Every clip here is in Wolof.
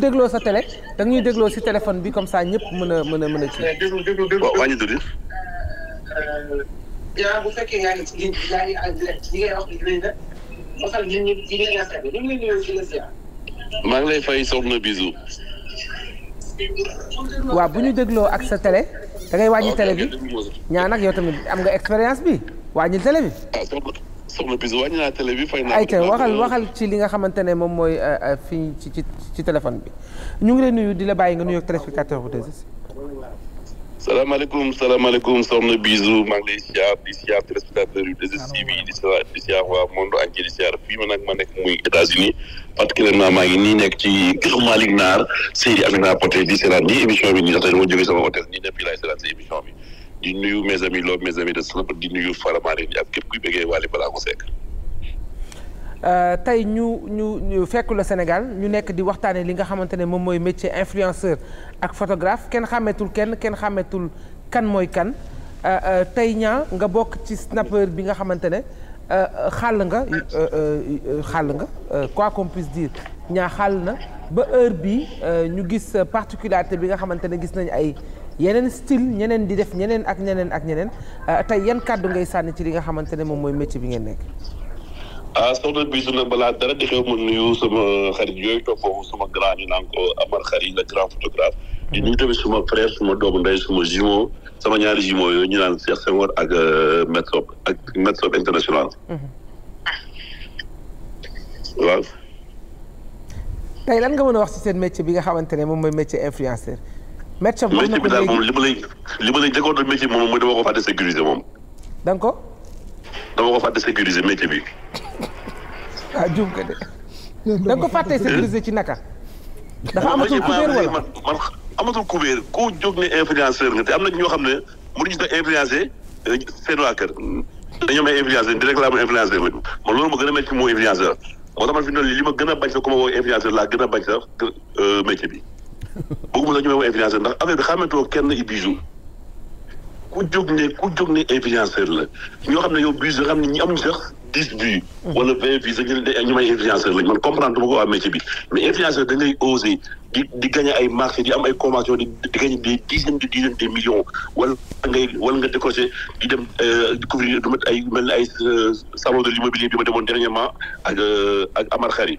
dégloo sa télé da ñuy dégloo si téléphone bi comme ça ñëpp mën a mën a mën a ci wàññi tuuti bu fekkee yaa ngi ñu ñu maa ngi lay fay soxna bisu bu ñu dégloo ak sa télé da ngay wàññi télé bi ñaa nag yow tamit am nga expérience bi wàññi télé bi ah, soxna Pise wàññi naa télé bi fay naa. Euh, li nga xamante ne moom mooy euh, euh, fii ci ci bi ñu ngi lay nuyu di la bàyyi nga nuyoog téléspectateur bu 2STV. salaamaaleykum salaamaaleykum soxna Bisou maa ngi lay siyaar di siyaar téléspectateur yu 2STV di siyaar di siyaar waa monde ma nekk muy États-Unis particulièrement maa ngi nii nekk ci kër Malick Naar Seydi Amina Poté di seetaan nii émission bi nii sax tey ma sama hôtel nii ñëpp yi laay seetaan si émission bi. di nuyu mes amis loolu de Sénégal di nuyu Faramare yi ak képp kuy bëggee Wally Ballago Seck. Euh, tey ñu ñu ñu fekk la Sénégal ñu nekk di waxtaanee li nga xamante ne moom mooy métier influenceur ak photographe kenn xàmmeetul kenn kenn xàmmeetul kan mooy kan euh, euh, tey ñaa nga bokk ci snapper bi nga xamante ne xàll nga xàll nga quoi qu'on puisse dire ñaa xàll na ba heure bi ñu gis particularité bi nga xamante ne gis nañ ay. yeneen style ñeneen di def ñeneen ak ñeneen ak ñeneen euh, tey yan kàddu ngay sànni ci li nga xamante ne moom mooy métier bi ngeen nekk. ah soxna bisu na balaa dara di xew ma nuyu sama xarit yooyu toppoo sama grand ñu naan ko Amar Khary le grand photographe. di nuyu tamit suma frère suma doomu ndey suma jumeau sama ñaari jumeau yooyu ñu naan Cheikh Senghor ak euh, Metsop ak Metsop international. Mm-hmm. waaw. tey lan nga mën a wax ci seen métier bi nga xamante ne moom mooy métier influenceur. métier bi métier bi daal moom li ma lay li ma lay njëkkoon a métier bi moom mooy dama ko fàtte sécuriser moom. da nga ko. dama ko fàtte sécuriser métier bi. ah juum ko de. da nga ko fàtte sécuriser ci naka. dafa amatul kubéer wala jóg ne influenceur nga te am na ñoo xam ne mënuñu ko influencer eh, seen waa kër. dañoo may influenceur di réclame influenceur lañu man loolu ma gën a métti moo influenceur moo tax man fi mu li ma gën a bañ sax ku ma woo influenceur laa gën a bañ sax eh, bi. bëgguma la ñu may wax ndax affaire bi xamatoo kenn i bisu ku jóg ne ku jóg ne influenceur la ñoo xam ne yow bisu yoo xam ne ñi amuñ sax dix vues wala vingt vues ñu ne lañ man comprendre duma ko waa métier bi mais influenceur da ngay osé di di ay marché di am ay convention di di gagné des dizaines de dizaines de millions wala ngay wala nga décroché di dem euh, couvrir du ay mel ni ay euh, salon de l'immobilier bi ma demoon dernièrement ak euh, ak Amar Khari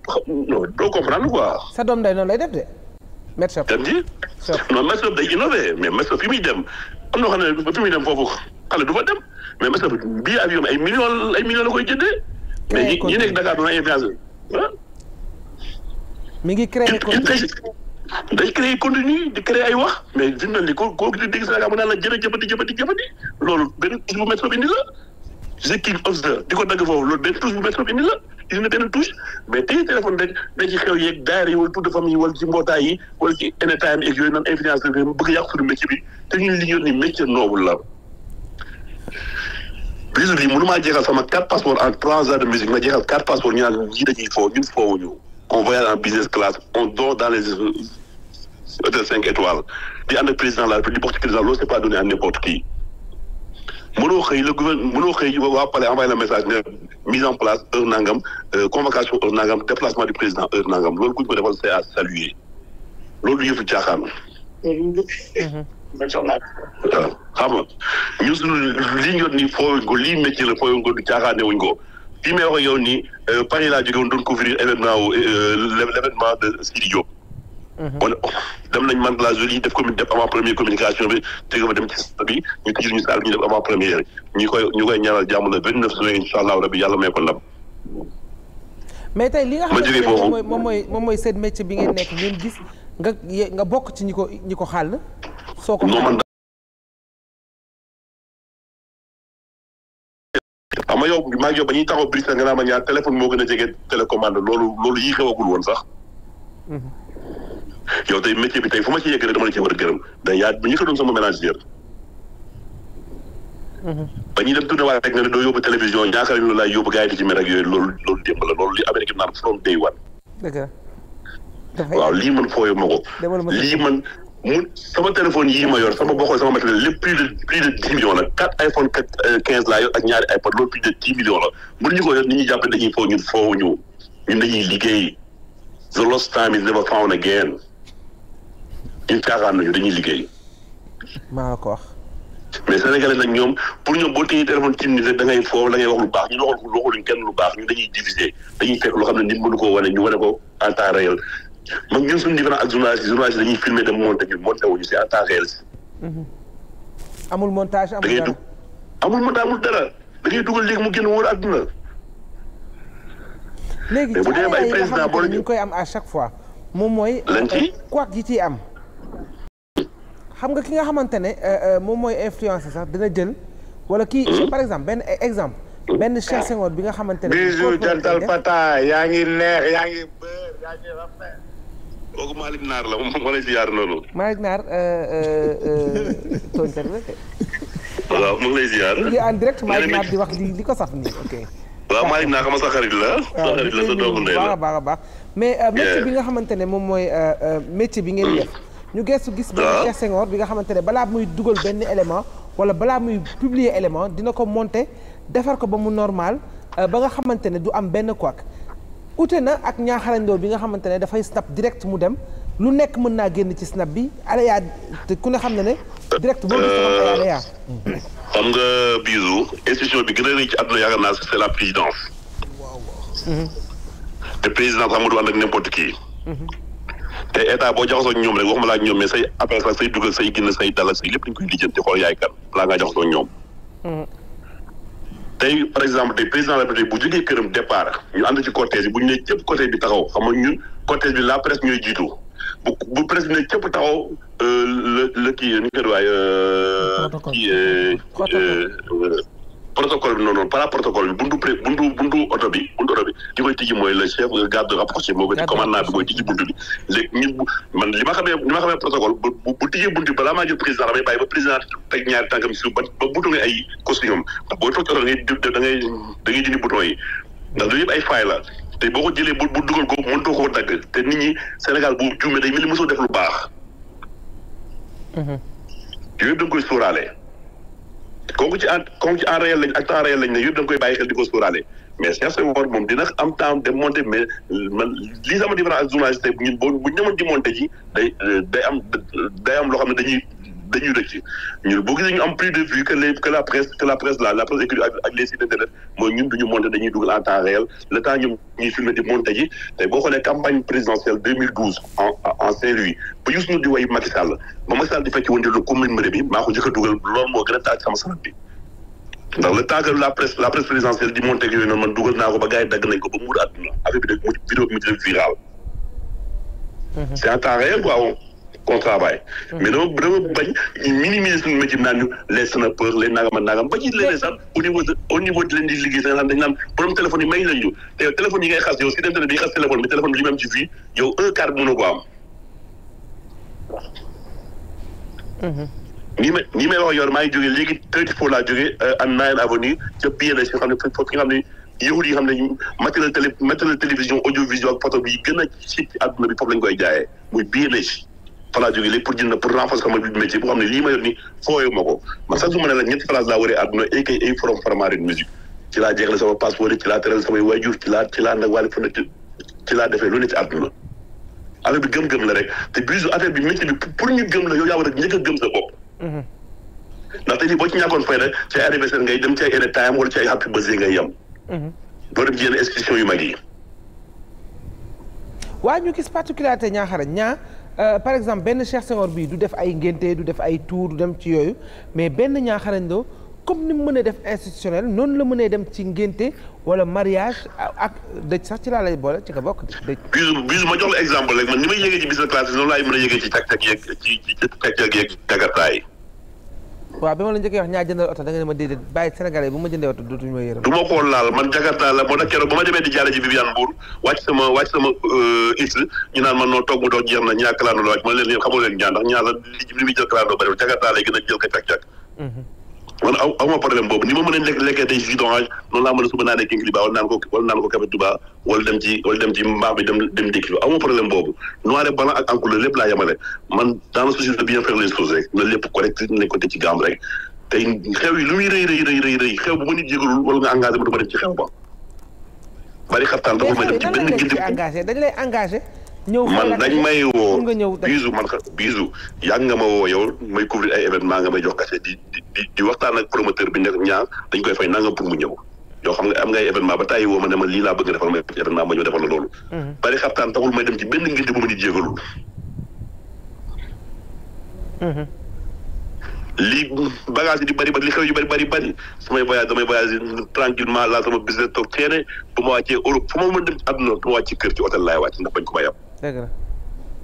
non doo comprendre quoi. sa doom day noonu lay def de. Maître Shop dem ji. non Maître Shop day innové mais Maître Shop fi muy dem am na xam ne fi muy dem foofu xale du fa dem mais Maître Shop bii ay millions ay millions koy jëndee. Eh, mais ñi nekk Dakar doon ay influence mi ngi créé contenu day créé contenu di créé ay wax mais fi mu ne nii ko koo di dégg Sénégal mu naan indi la. je king of di ko dagg foofu loolu benn touche bu Maître Shop indi la. gis nga benn touche mais tey téléphone rek da ci xew yeeg daayira yi wala tudd famille wala ci mbootaay wala ci NTM yeeg yooyu noonu influence la bëgg a yàq suñu métier bi te ñun li ñu yor ni métier noble la. bisu bi sama quatre passeport en trois heures de musique ma jeexal quatre passeport ñu naan ñii dañuy foo ñun foowuñu on voyage en business class on dort dans les hôtels cinq étoiles di ànd président la République di qui mënoo xëy le gouvernement mënoo xëy waa Palais envoyé la message ne mise en place heure nangam euh, convocation heure nangam déplacement du président heure nangam loolu ku ñu ko defal c'est à saluer loolu yëfu caaxaan. Mhm. xam nga ñun li ñu ni fooy ko li métier la fooy ko du caaxaane wuñ ko fii may wax ak yow nii euh, Paris laa jógee woon doon couvrir événement wu euh, l'événement de Sidi Mhm. on dem nañ man la jolie def commune def avant première communication bi dégg nga dem ci sa bi ñu tijjil ñu saal bi ñu def avant première ñu koy ñu koy ñaanal jàmm le vingt neuf juin incha allah yàlla may ko ndam. mais tey li nga xamante ne moom mooy moom mooy seen métier bi ngeen nekk ngeen gis nga nga bokk ci ñi ko ñi ko xàll. soo ko xam ah, nga yow maa ngi ba ñuy taxaw brise nga ma ñaar téléphone moo gën a jege télécommande loolu loolu yii xewagul woon sax. Mhm. yow tey métier bi tey fu ma ci yegg rek dama la ci war a gërëm ñu ko doon sama manager mhm. ba ñuy dem tourné waat rek nga ne doo yóbbu télévision ñaakaar ñu laay yóbbu gars yi di ci mer ak yooyu loolu démb la loolu li Amérique naan from day one waaw lii man fooyu ma ko lii man mun sama téléphone yii ma yor sama bokkoo sama matériel lépp plus de plus de dix millions la quatre iPhone quatre euh, laa yor ak ñaari iPod loolu plus de dix millions la mënuñu ko yor nit ñi jàpp dañuy foofu ñun foofu ñu ñun dañuy liggéey the lost time is never found ñun caaxaan nañu dañuy liggéey. maa ko wax. mais sénégalais nag ñoom pour ñoom boo téye téléphone ci nit rek da ngay foofu da ngay wax lu baax ñu waxul waxuluñ lu baax ñu dañuy diviser dañuy fekk loo xam ne nit mënu ko wane ñu wane ko en temps réel mag ñun suñu différence ak journaliste journaliste dañuy filmer dem monté ñu monté wuñu si mhm. amul montage amul dara amul montage amul dara da ngay dugal léegi mu génn wóor àdduna. léegi ci ay ay yoo xam ne koy am à chaque fois moom mooy. lañ ci euh, quoi gi ciy am. xam nga ki nga xamante ne euh, euh, moom mooy influencé sax dina jël wala kii hmm? par exemple benn e-, exemple benn Cheikh Senghor bi nga xamante ne bijou jantal pata yaa ngi neex yaa ngi bër yaa ngi rafet kooku Malick Naar la moom moo lay ziar loolu Malick Naar euh, tontar la waaw mu ngi lay ziar ñu ngi en direct Malick Naar di wax li li ko saf nii ok waaw Malick Naar xam nga sa xarit la sa xarit la sa doomu ndey la baax a baax a baax mais métier bi nga xamante ne moom mooy métier bi ngeen def ñu gestu gis ba ah. bi nga xamante ne balaa muy dugal benn élément wala balaa muy publier élément dina ko monter defar ko ba mu normal euh, ba nga xamante ne du am benn couac ute na ak ñaaxarañdoo bi nga xamante ne dafay snap direct mu dem lu nekk mën naa génn ci snap bi alaya te ku ne xam ne ne direct boo gis dafa xam nga bisu institution bi gën a rëy ci àdduna yaakaar naa c'est la présidence te présidence amul ànd ak n'importe qui mhm. te état boo jaxasoo ñoom rek waxuma laa ñoom mais say après sax say dugal say génn say dalal say lépp dañ koy lijjanti xool yaay kan laa ngaa jaxasoo ñoom. Mm. tey par exemple tey président de la République bu jógee këram départ ñu ànd ci cortège bi bu ñu ne cëpp bi taxaw xam ñu ñun bi la presse ñooy jiitu bu bu presse bi ne cëpp taxaw euh, le le kii nu ñu protocole bi noonu par protocole bi buntu pré buntu buntu oto bi buntu oto bi li koy tijji mooy le chef garde rapproché moo ko ci buntu bi balaa maa jël président damay bàyyi ba président teg ñaari tànkam si ba ba nga ay costume boo toog oto da ngay da ngay da yi ndax loolu yëpp ay faay la te boo ko jëlee bu bu dugal ko mënutoo koo dagg te nit ñi Sénégal bu juumee day mel ni mosoo def lu baax mhm. yooyu da nga koy kooku ci en kooku ci en réel lañ ak temps réel lañ ne yëpp da nga koy bàyyi xel di ko mais Cheikh Senghor moom dina am temps de monter mais man lii sama différence ak journaliste ñun boo bu ñëwoon di monter ji day euh, day am day am loo xam ne dañuy dañuy rëcc ñun boo ñu am plus de vues que la presse que la presse la la presse écrite ak les sites internet mooy ñun duñu monter dañuy dugal en temps réel ñuy filmer di monter ji boo xoolee campagne présidentielle 2012 en en saint ba ñu suñu di way Macky ba Macky di fekk woon lu commune mbiri bi maa ko jëkk dugal loolu moo gën a taaj sama sanat bi ndax le temps que la presse présidentielle di monter ak dugal naa ko ba gars dagg nañ ko qu'on travaille. Mm-hmm. mais dama dama bañ minimiser suñu métier bi naan ñu les snipers les nagam ak ci leneen sax au niveau de au niveau de leen di liggéey sax dañu naan borom téléphone yi may nañ ñu te téléphone yi ngay xas yow si dem tamit bi xas téléphone bi téléphone bi li mu am yow un quart mënoo ko am. Mm-hmm. nii ma nii may wax yor maa ngi jógee léegi thirty four laa jógee euh, am nine avenue ca PNS fi nga xam ne foofu nga xam ne yëngu yi nga xam ne matériel télé matériel télévision audiovisuel ak photo bi gën a ci àdduna lañ koy jaayee muy falaa jóge léegi pour jënd pour renforcer sama métier boo xam ne lii ma yor ni fooyee ma ko man sax su ma ne la ñetti place laa waree àdduna ay forom faramarin musique ci laa jeexale sama passeport ci laa teral samay waajur ci ci laa nag wàllu ci laa defee lu ne ci àdduna affaire bi gëm-gëm la rek te bisu affaire bi métier bi pour ñu gëm la yow yaa war a njëkk a gëm sa bopp mhm. ndax tey jii boo ci ñàkkoon fay rek ci ay anniversaire ngay dem ci ay Euh, par exemple benn Cheikh Senghor bii du def ay ngénte du def ay tour du dem ci yooyu mais benn ñaaxarañ doo comme ni mu mënee def institutionnel noonu la mënee dem ci ngénte wala mariage ak dëj sax ci laa lay boole ci nga bokk dëj. bisu bisu ma jox la exemple rek man ni may yëgee ci business class noonu laay mën a yëgee ci càq-càq yeeg ci ci càq-càq yeeg jakartaa yi. waaw bi ma la njëkkee wax ñaa jëndal oto da nga ne ma déedéet bàyyi sénégalais bu ma jëndee oto du ma koo laal man jakarta la moo tax ba ma demee di jaale ji Viviane Mbour wàcc sama wàcc sama euh, is ñu naan man noo toog mu dox jeex na ñaa kalaandoo la wàcc man leen yéen xamoo leen ñaa ndax ñaa la li muy jël kalaandoo bari jakarta lay gën a jël ka càk-càk mhm. man aw aw ma problème boobu ni ma mën a lekk lekkee des jus noonu laa mën a suba naanee kinkili baa wala naan ko wala naan ko café Touba wala dem ci mbaax bi dem dem ndékki bi aw ma boobu noir et ak en couleur lépp laa man dans la société bien faire les choses na lépp correct nañ ko teg ci gàmm rek tey xew yi lu muy rëy rëy rëy rëy xew bu ma nit yëgalul wala nga engagé ma du ma dem ci xew ba bari xartaan dafa may dem ci benn gindi dañ lay engagé man dañ may woo bisu man bisu yàgg nga ma woo yow may couvrir ay événement nga may jox kase di di di waxtaan ak promoteur bi nekk ñaar dañ koy fay nangam pour mu ñëw yow xam nga am ngay événement ba tàyyi woo ma ne ma lii laa bëgg defal ma événement ma ñëw defal la loolu bari mhm. xaptaan taxul may dem ci benn ngénte bu ma di jégalul mhm. lii bagage yi di bëri ba li xew yu bëri bëri bëri samay voyage damay voyage tranquillement laa sama business toog teene bu ma wàccee Europe fu ma mën dem àdduna bu ko ma dëgg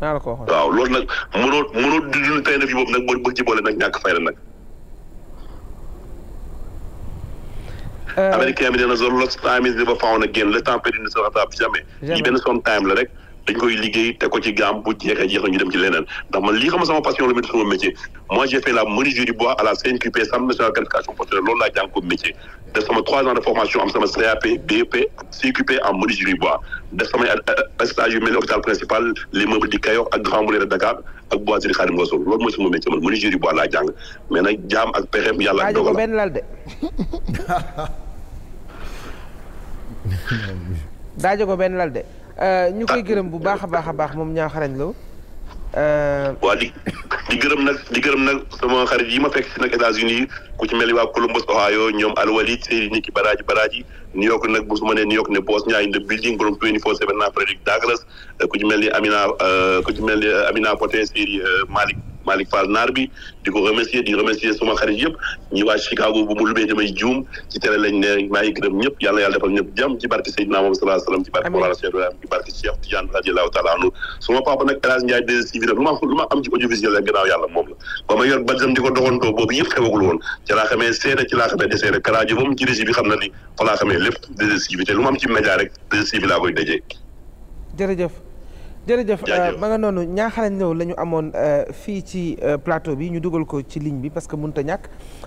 la ko waxoon. waaw loolu nag mënoo mënoo dund tey na fi boobu nag boo bëgg ci boole nag ñàkk fay la nag. Euh, américain bi nee na zone lost time is never found again le temps perdu ne se rattrape jamais. lii benn son time la rek dañ koy liggéey te ko ci gaam bu jeexee jeex na ñu dem ci leneen ndax man lii xam sama passion la métti sama métier moi j'ai fait la menuiserie du bois à la CNQP centre national de qualification professionnelle loolu laa jàng ko métier. trois ans de formation am sama CAP BEP CQP en menuiserie bois def samay stage yu mel ni hôpital principal les meubles di Kayor ak Grand Moulin de Dakar ak boiserie Khadim Rassoul loolu mooy sama métier man bois laa jàng mais nag jaam ak pexem yàlla ak dogal benn lal de euh, ñu koy ah. gërëm bu baax a baax a baax moom ñaaw xarañ lo Euh, waa di di gërëm nag di gërëm nag sama xarit yi ma fekk si nag États-Unis ku ci mel ni waa Columbus Ohio ñoom Alwalid Seydi Niki Baraji Baraji New York nag bu su ma nee New York ne boos ñaay the building borom 24/7 naa Frederick Douglass ku ci mel ni Amina euh, ku ci mel ni euh, Amina Poté Seydi Malick Malick Fall naar bi di remercier suma xarit yëpp ñi waa bu mu lumee damay juum ci télé lañ ne maa ngi gërëm ñëpp yàlla defal ñëpp jàmm ci barke Seydina suma papa nag El Hadj Ndiaye lu ma am ci audiovisuel rek gannaaw yàlla moom la ba ma yor bajam di ko doxantoo boobu xewagul woon ci laa xamee seede ci laa xamee deseene karaajo moom ci si bi te lu ma am ci jërëjëf euh, ma nga noonu ñaaxarañ ñëw la ñu amoon euh, fii ci euh, plateau bi ñu dugal ko ci ligne bi parce que mënut a ñàkk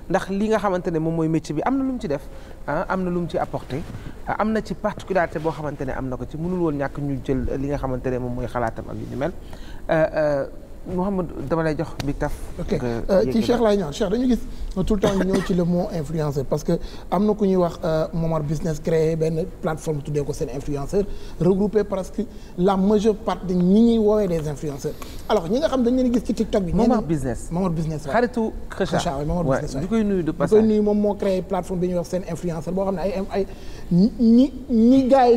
ndax li nga xamante ne moom mooy métier bi am na lu ci def ah am na lu ci apporté ah, am na ci particularité boo xamante ne am na ko ci mënul woon ñàkk ñu jël li nga xamante ne moom mooy xalaatam ak yu ni mel. Mouhamed dama lay jox bi taf. ok euh, ci Cheikh laay ñaan Cheikh dañu gis tout le temps ñu ñëw ci le mot influenceur parce que am na ku ñuy wax euh, Momar Business créé benn plateforme tuddee ko seen influenceur regroupé presque la majeure partie de ñi ñuy woowee des influenceurs alors ñi nga xam dañu leen gis ci TikTok bi. Momar Business Momar Business waaw xaritu Kheucha waaw Momar Business waaw. ñu koy nuyu de passage ñu koy nuyu moom moo créé plateforme bi ñuy wax seen influenceur boo xam ne ay ay ñi ñi gars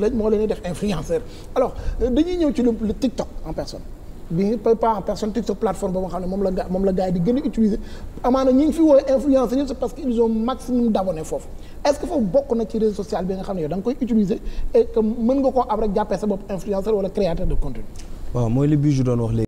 lañ moo leen di def influenceur alors euh, dañuy ñëw ci le TikTok en personne. bi pas en personne teg sa plateforme boo xam ne moom la ga moom la gars yi di gën a utiliser amaana ñi fi woowee influenceurs yëpp c'est parce que ils ont maximum d'abonnés foofu est-ce que foofu bokk na ci réseau social bi nga xam ne yow da koy utiliser mën nga koo ab rek jàppee sa bopp influenceur wala créateur de contenu waaw mooy li bi ju doon wax léegi